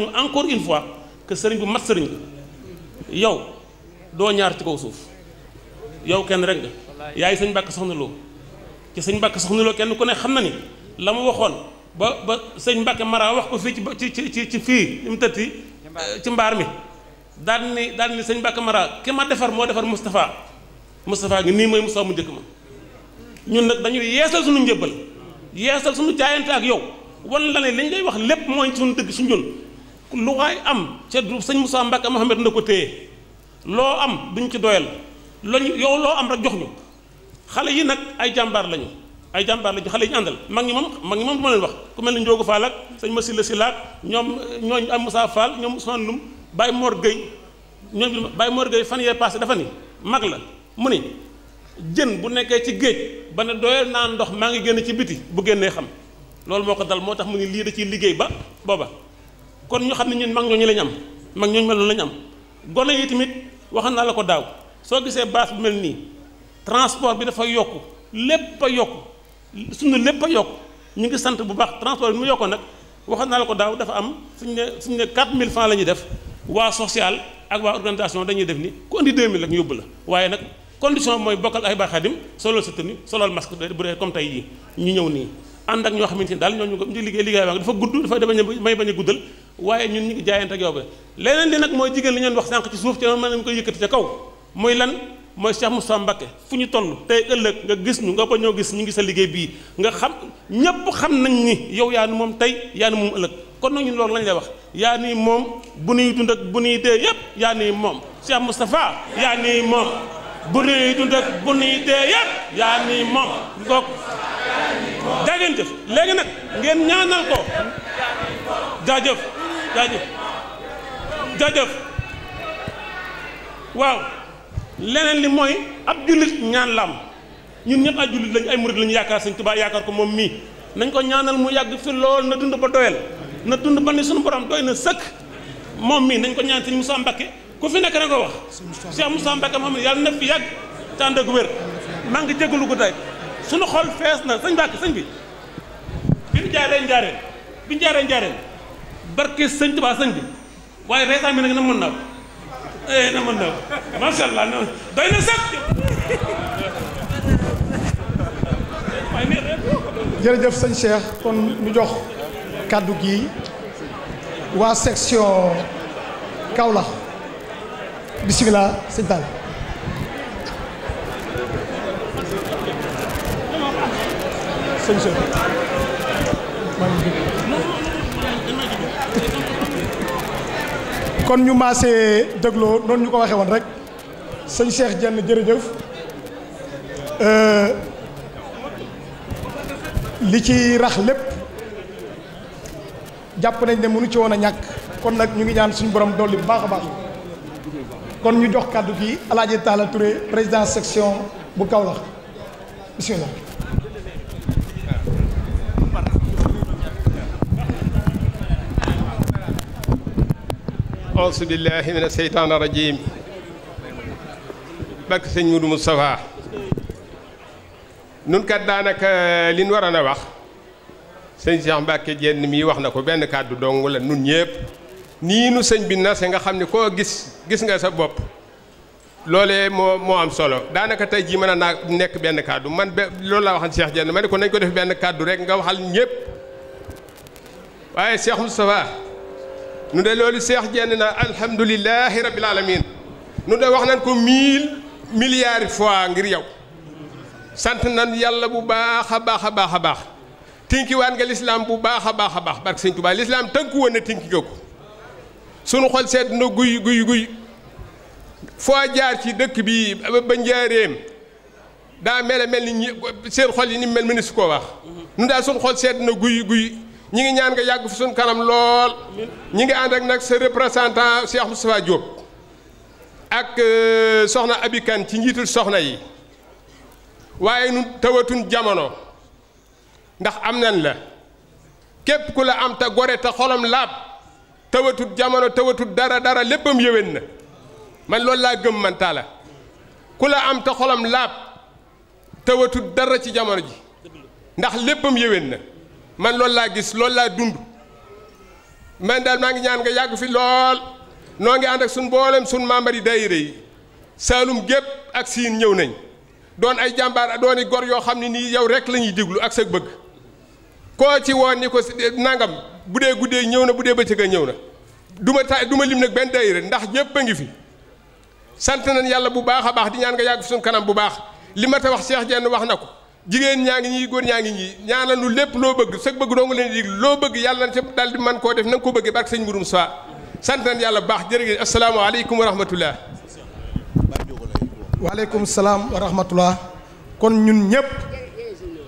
nga encore une fois que sëriñ bu mat sëriñ bi yow doo ñaar ci kaw suuf yow kenn rek nga yaay sëñ Mbàkke Soxna ci sëñ Mbàkke Soxna kenn ku ne xam na ni la mu waxoon ba ba sëñ Mbàkke Mara wax ko fii ci ba ci ci fii li mu tëtti ci mbaar mi daal ni daal ni sëñ Mbàkke Mara ki ma defar moo defar Moustapha Moustapha ngi nii mooy Moustapha mu njëkk ma ñun nag dañuy yeesal suñu njëbbal yeesal suñu jaayante ak yow wan la ne liñ lay wax lépp mooy suñu dëgg su ñun lu waay am ca du sëñ Moussa Mbacke Mohamed na ko téye loo am duñ ci doyal lañu yow loo am rek jox ñu xale yi nag ay jàmbaar lañu ay jàmbaar lañu xale yi àndal mag ñi moom mag ñi moom du ma leen wax ku mel ne Ndiogu Fall ak sëñ Massila Sylla ak ñoom ñooñ am Moussa faal ñoom Ousmane Loum Baye Mor Gueye ñoom Baye Mor Gueye fan yee passé dafa ni mag la mu ni jën bu nekkee ci géej ba ne doyal naa ndox maa ngi génn ci biti bu génnee xam loolu moo ko dal moo tax mu ni lii da ciy liggéey ba booba kon ñoo xam ne ñun mag ñooñu lañ am mag ñooñu mel noonu lañ am gone yi tamit wax naa la ko daaw soo gisee baas bu mel nii transport bi dafa yokk lépp a yokk suñu lépp a yokk ñu ngi sant bu baax transport bi mu yokkoon nag wax naa la ko daaw dafa am suñu ne suñu ne 4000 francs la ñuy def waa social ak waa organisation dañuy def ni ku andi 2000 ñu yóbbu la waaye nag condition mooy bokkal ay baaxaadim solol sa tenue solol masque bu dee comme tey ñu ñëw nii ñoo xamante ni daal ñoo ñu ko liggéey liggéey dafa gudd dafa may a guddal waaye ñun ñu ngi jaayante ak leneen li nag mooy jigéen li ñoon wax sànq ci suuf ci noonu mën nañu koy yëkkati ca kaw mooy lan mooy Cheikh Moussa Mbacké fu ñu toll tey ëllëg nga gis ñu nga ba ñoo gis ñu ngi sa liggéey bii nga xam ñépp xam nañ ni yow yaa ni moom tey yaa ni moom ëllëg kon nañu loolu lañ lay wax yaa ni moom bu nuy dund ak bu nuy dee yépp yaa ni moom Cheikh Moustapha yaa ni moom bu nuy dund ak bu nuy dee yépp yaa ni moom ngoog léegi nag ngeen ñaanal ko jaajëf jaajëf waaw leneen li mooy ab jullit ñaan lam ñun ñëpp ay jullit lañ ay murid lañu yaakaar sëñ Tuubaa yaakaar ko moom mii nañ ko ñaanal mu yàgg fi lool na dund ba doyal na dund ba ni suñu borom doy na sëkk moom mii nañ ko ñaan sëñ Moussa Mbacké ku fi nekk na ko wax Cheikh Moussa Mbacké moom yàlla na fi yàgg te ànd ak wér maa ngi jégalu ko tey suñu xol fees na sëñ Mbacké sëñ bi bi ñu jaaree njaareen bi ñu jaaree barke sëñ Tuubaa sëñ bi waaye reetaan bi nag na mën naa ko eh, na mën naa ko macha allah doy na sax. jërëjëf sëñ Cheikh kon ñu jox kàddu gi waa section Kaolack bisimilah sëñ Tall. sëñ Cheikh. kon ñu maasee dégloo noonu ñu ko waxee woon rek sëñ Cheikh Diène jërëjëf euh, li ci rax lépp jàpp nañ ne mënu ci woon a ñàkk kon nag ñu ngi ñaan suñu borom dolli bu baax a baax kon ñu jox kàddu gi Alaaji Talla président section bu kaw Kaolack bismillah auzu billaahi mina seytaani sëñ Mudu Mustafaa nun kat daanaka liñ waroon wax sëñ Cheikh Mbacke mii wax na ko benn kàddu dong la nun ñëpp nii nu sëñ bi nase nga xam ne koo gis gis nga sa bopp loolee moo moo am solo daanaka tey jii mën a naa nekk benn kàddu man be loolu laa waxal Cheikh jenn ma ne ko nañ ko def benn kàddu rek nga waxal ñëpp waaye Cheikh Moustapha nu de loolu seex jenn na alhamdulilahi rabbil alamin nu de wax nañ ko miil milliards fois ngir yow sant nañ yàlla bu baax a baax a baax a baax tinkiwaat nga lislaam bu baax a baax a baax barke sëñ Tuubaa lislaam tënku woon na tinki nga ko sunu xol sedd na guy guy guy foo jaar ci dëkk bi ba njaareem daa mel mel ni seen xol yi ni mel mënees koo wax nu daal sunu xol sedd na guy guy ñi ngi ñaan nga yàgg fu suñ kanam lool ñi ngi ànd ak nag sa représentant Cheikh Moustapha Diop ak euh, soxna Abikan ci njiitul soxna yi waaye nun tawatun jamono ndax am nan la képp ku la am ta gore te xolam laab tawatut jamono tawatut dara dara léppam yëwén na man loolu laa gëm man taala ku la am te xolam laab tawatut dara ci jamono ji ndax léppam yëwén na man loolu laa gis loolu laa dund man daal maa ngi ñaan nga yàgg fi lool noo ngi ànd ak suñ mboolem suñ membre yi daayira yi Saalum gépp ak siin ñëw nañ doon ay jàmbaar dooni gor yoo xam ne nii yow rek la ñuy déglu ak sa bëgg koo ci woon ni ko nangam bu dee guddee ñëw na bu dee bëccëg ñëw na du ma ta du ma lim na benn daayira ndax ñëpp a ngi fi sant nañ yàlla bu baax a baax di ñaan nga yàgg fi suñ kanam bu baax li ma ta wax Cheikh Jenn wax na ko jigéen ñaa ngi ñuy góor ñaa ngi ñii ñaanal nu lépp loo bëgg sa bëgg doo nga leen dig loo bëgg yàlla na ca daal man koo def na nga ko bëggee barke sëñ Mburum Saa sant yàlla bu baax jërëjëf asalaamaaleykum wa rahmatullah salaam wa kon ñun ñëpp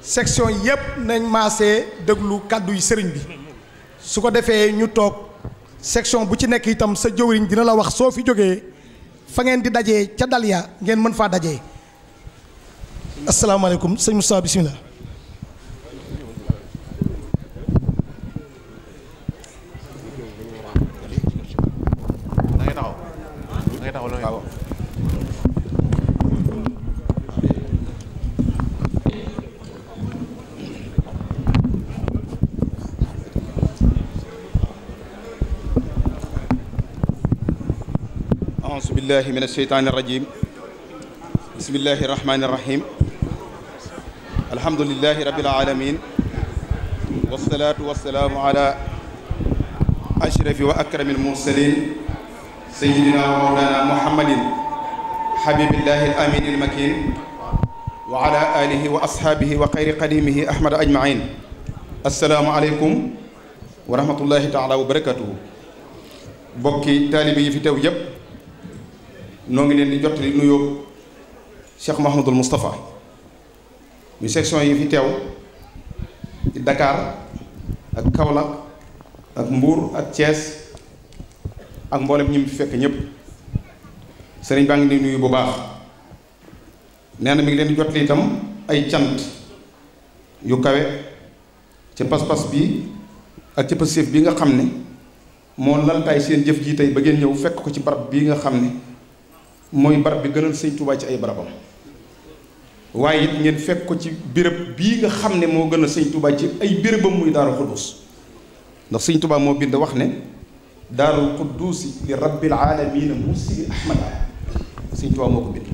section yëpp nañ maase déglu kàddu yi sëriñ bi su ko defee ñu toog section bu ci nekk itam sa jëwriñ dina la wax soo fi jógee fa ngeen di dajee ca dal ya ngeen mën faa dajee asalaamaaleykum sëñ Moustapha bisimilah. auzu billaahi mina sheytaani rajiim bismillaahi rahmaani rahiim alhamdulilahi rabbil alamin wasalaatu wasalaamu ala ashrafi wa akramil mursalin sayidina wa mawlana muhammadin habibillahi al amin al makin wa ala alihi wa ashaabihi wa xayri qadimihi ahmada ajmain assalaamu aleykum wa rahmatullahi taala wa barakatuhu bokki taalibe yi fi teew yépp noo ngi leen di jottali nuyoo Cheikh Mahamadul Moustapha muy section yi fi teew ci ak kawla ak Mbour ak cees ak mboole ñi mu fi fekk ñépp sëriñ baa ngi di nuyu bu baax nee na mi ngi leen di jot itam ay cant yu kawe ci pas-pas bi ak ci pasif bi nga xam ne moo laltaay seen jëf ji tey ba ngeen ñëw fekk ko ci barab bi nga xam ne mooy barab bi gënal sëñ Tuubaa ci ay barabam waaye it ngeen fekk ko ci béréb bii nga xam ne moo gën a sëñ Touba ci ay bérébam muy daaru xudduus ndax sëñ Touba moo bind wax ne daaru xudduusi li rabbil aalamiina mursili ahmada sëñ Touba moo ko bind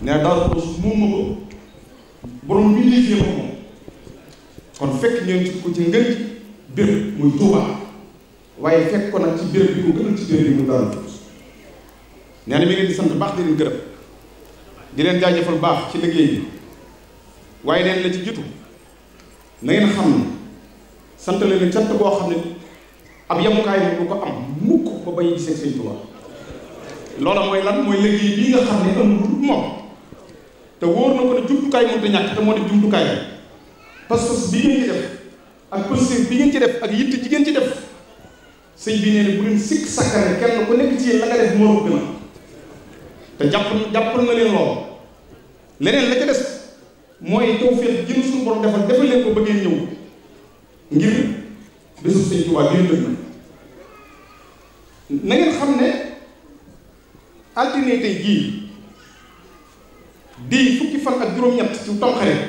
nee daaru xudduus moom ma ko borom bii liggéey ko kon fekk ngeen ci ko ci ngën ci béréb muy Touba waaye fekk ko nag ci béréb bi gën a ci béréb bi muy daaru xudduus nee na mi ngi di sant baax di leen gërëm di leen jaajëfal baax ci liggéey bi waaye leen la ci jitu na ngeen xam ne sant leen cant boo xam ne ab yamukaay bi du ko am mukk ba bañ gisee sëñ loolu loola mooy lan mooy liggéey bii nga xam ne amul moom te wóor na ko ne jumtukaay mënut a ñàkk te moo di jumtukaay bi parce que bi ngeen ci def ak pëstéef bi ngeen ci def ak yitte ji ngeen ci def sëñ bi nee ne bu leen sikk sakkane kenn ku nekk ci yéen la nga def moo gën a te jàpp jàppal na leen lool leneen la ca des mooy tawfeex ji nu suñu borom defal defal ko bëggee ñëw ngir bésu sëñ Tuubaa bi lëg na na ngeen xam ne altine jii di fukki fan ak juróom-ñett ci Tamxarit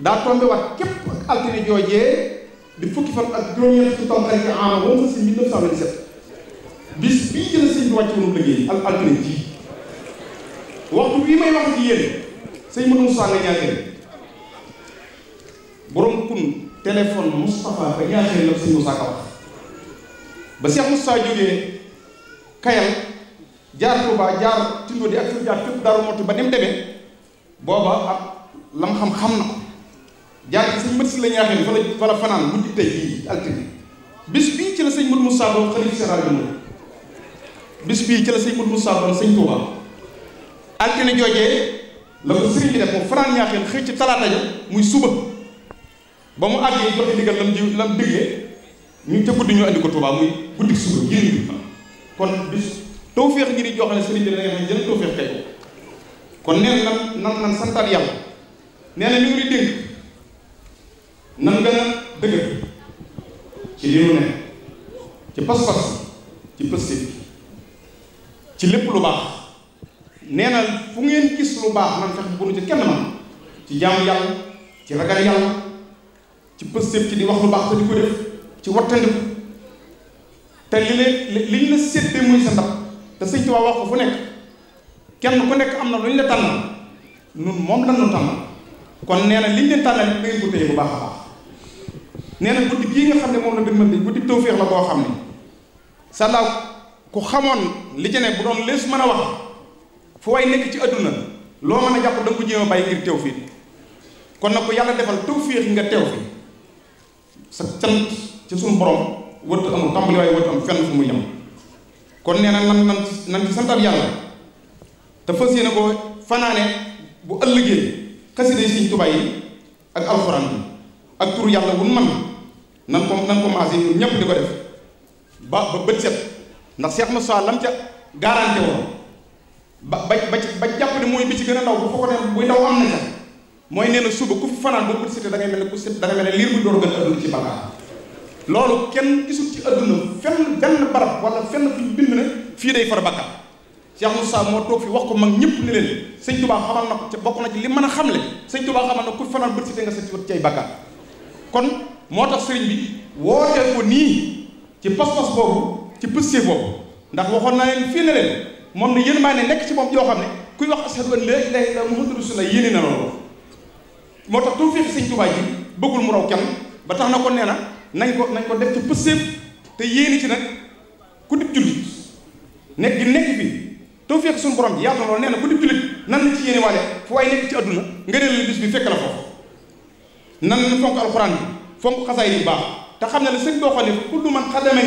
daa tombe waat képp ak altine joojee di fukki fan ak juróom-ñett ci Tamxarit ci aana woon sa si 1927 bis bii jël sëñ bi wàcc woonu liggéey ak altine ji waxtu bii may wax ci yéen sëñ Modou Moussa nga ñaareel borom kun téléphone Moustapha ba ñaareel la sëñ jógee Kayal jaar Touba jaar Tindodi ak fi jaar fépp Darou Mouhty ba ni mu booba ak lam xam xam na ko jaar ci sëñ Si la ñaareel fa fa la fanaan guddi tey jii altine bis bii ci la sëñ Modou Moussa doon xalifa général bi bis bii ci la sëñ Modou Moussa doon sëñ Touba altine joojee la ko sëriñ bi def mu fanaan ñaaxeen xëy talaata ja muy suba ba mu àggee joxe ndigal lam ji lam diggee ñu ca guddi ñu andi ko Tuubaa muy guddi suba jëriñ bi kon bis tawféex ngi di jox ne sëriñ bi da nga xam ne kay ko kon neen la nan nan santaat yàlla nee na ñu ngi dénk nan gën a dëgër ci li mu ne ci pas ci pësté ci lépp lu baax nee na fu ngeen gis lu baax man fexe bu nu ci kenn man ci jaamu yàlla ci ragal yàlla ci pëstéef ci di wax lu baax te di ko def ci wattandiku te li leen liñ la séddee muy sa ndab te sëñ Tuubaa wax ko fu nekk kenn ku nekk am na lu ñu la tànnal nun moom la ñu tànnal kon nee na liñ leen tànnal da ngeen ko téye bu baax a baax nee na guddi gii nga xam ne moom la dëgmal bi guddi tawféex la boo xam ne sàllaaw ku xamoon li ci ne bu doon lees mën a wax fu way nekk ci adduna loo mën a jàpp da ko jéem a bàyyi ngir teew fii bi kon nag ko yàlla defal tawféex nga teew fi sa cant ci suñu borom wërtu amul tàmbali waaye wërtu am fenn fu mu yem kon nee na nan nan nan ci santal yàlla te fas yéene ko fanaane bu ëllëgee xasida siñ Sëriñ Tuubaa yi ak alxuraan bi ak tur yàlla wun man nan ko nan ko maase ñun ñépp di ko def ba ba bët set ndax Seex saa lam ca garanté woon ba ba ba jàpp ne mooy bi ci gën a ndaw bu foogoon ne buy ndaw am na mooy nee na suba ku fi fanaan boo ko seetee da ngay mel ne ku seet da ngay mel ne a adduna kenn gisul ci adduna fenn benn barab wala fenn bind ne fii day far bàkkaar Cheikh Moussa moo toog wax ko mag ñëpp ne sëñ Tuubaa xamal na ko bokk na ci mën a xamle sëñ Tuubaa xamal na ku fi fanaan bët seetee nga seet ci ay kon moo tax sëriñ bi wootee ko nii ci pas-pas boobu ci pësté boobu ndax waxoon naa leen fii ne leen moom ne yërmaande nekk ci moom joo xam ne kuy wax ashadu an laa ilaaha illallaah muhammadu rasuulullaah yéene na loolu moo tax tuuti fii sëñ Tuubaa ji bëggul mu raw kenn ba tax na ko nee na nañ ko nañ ko def ci pëseeb te yéene ci nag ku dib jullit nekk gi nekk fii tawfeex suñu borom bi yaatu loolu nee na ku dib jullit nan la ci yéene waale fu waaye nekk ci àdduna nga ne la bis bi fekk la foofu nan la fonk alxuraan bi fonk xasaay yi baax te xam ne la sëñ boo xam ne man xadama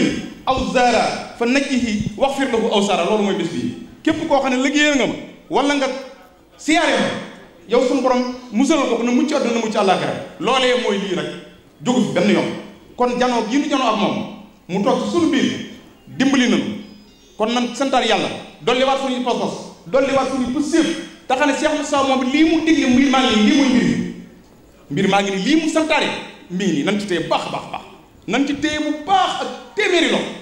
aw zaara fa najjihi wax fir lahu aw sara loolu mooy bés bii képp koo xam ne liggéeyal nga ma wala nga siyaare ma yow suñu borom musalal ko na mucc àdduna mucc àllaaxira loolee mooy lii rek jógu fi benn yoon kon janoo gi nu janoo ak moom mu toog ci suñu biir dimbali nañu kon nan santar yàlla dolliwaat suñuy pas-pas dolliwaat suñuy pësséef te xam ne Cheikh Moussa moom lii mu digle mbir maa ngi nii lii mooy mbir mi mbir nii mu santaare mbir nii nan ci téye baax baax baax nan ci téye bu baax téeméeri loxo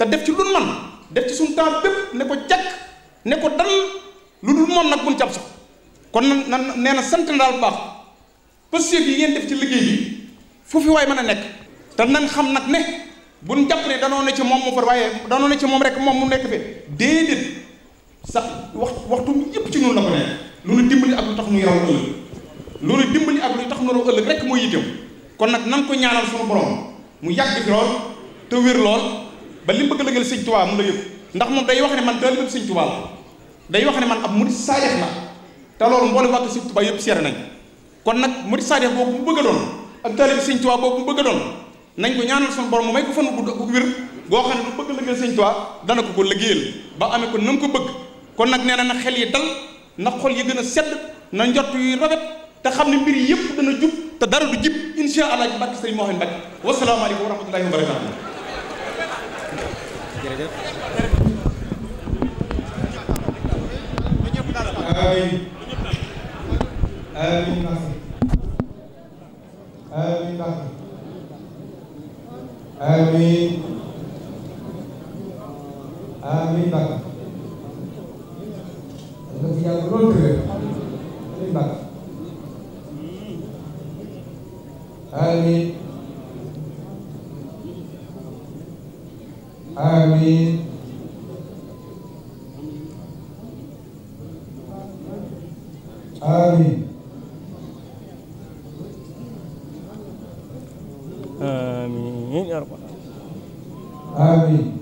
te def ci lu man def ci suñu temps bépp ne ko jàkk ne ko dal lu dul moom nag buñ jàpp sax kon na nee na sant na daal baax positif yi ngeen def ci liggéey bi fu fi mën a nekk te nan xam nag ne buñ jàpp ne danoo ne ci moom mu far waaye danoo ne ci moom rek moom mu nekk fi déedéet sax wax waxtu yëpp ci ñun la ko ne lu nu dimbali ak lu tax nu yaram ëllëg lu nu dimbali ak lu tax nu raw ëllëg rek mooy yitteem kon nag nan ko ñaanal suñu borom mu yàgg fi lool te wér lool ba li bëgg a lëgal sëñ Tuubaa mu la yëg ndax moom day wax ne man taalibe sëñ Tuubaa la day wax ne man ab murid saadex la te loolu mboole wàkk sëñ Tuubaa yëpp seere nañ kon nag murid saadex boobu mu bëgg doon ak taalibe sëñ Tuubaa boobu mu bëgg doon nañ ko ñaanal son borom mu may ko fan bu ko wér goo xam ne lu bëgg lëgal sëñ dana ko ko liggéeyal ba amee ko na ko bëgg kon nag nee na na xel yi dal na xol yi gën a sedd na njott yu rafet te xam ne mbir yëpp dana jub te dara du jib incha allah ci barke sëriñ Mouhamed Mbacke wasalaamaaleykum wa rahmatullahi wa barakatuh amiin amiin Mbacke amiin Mbacke amiin amiin Mbacke آمين يا رب العالمين آمين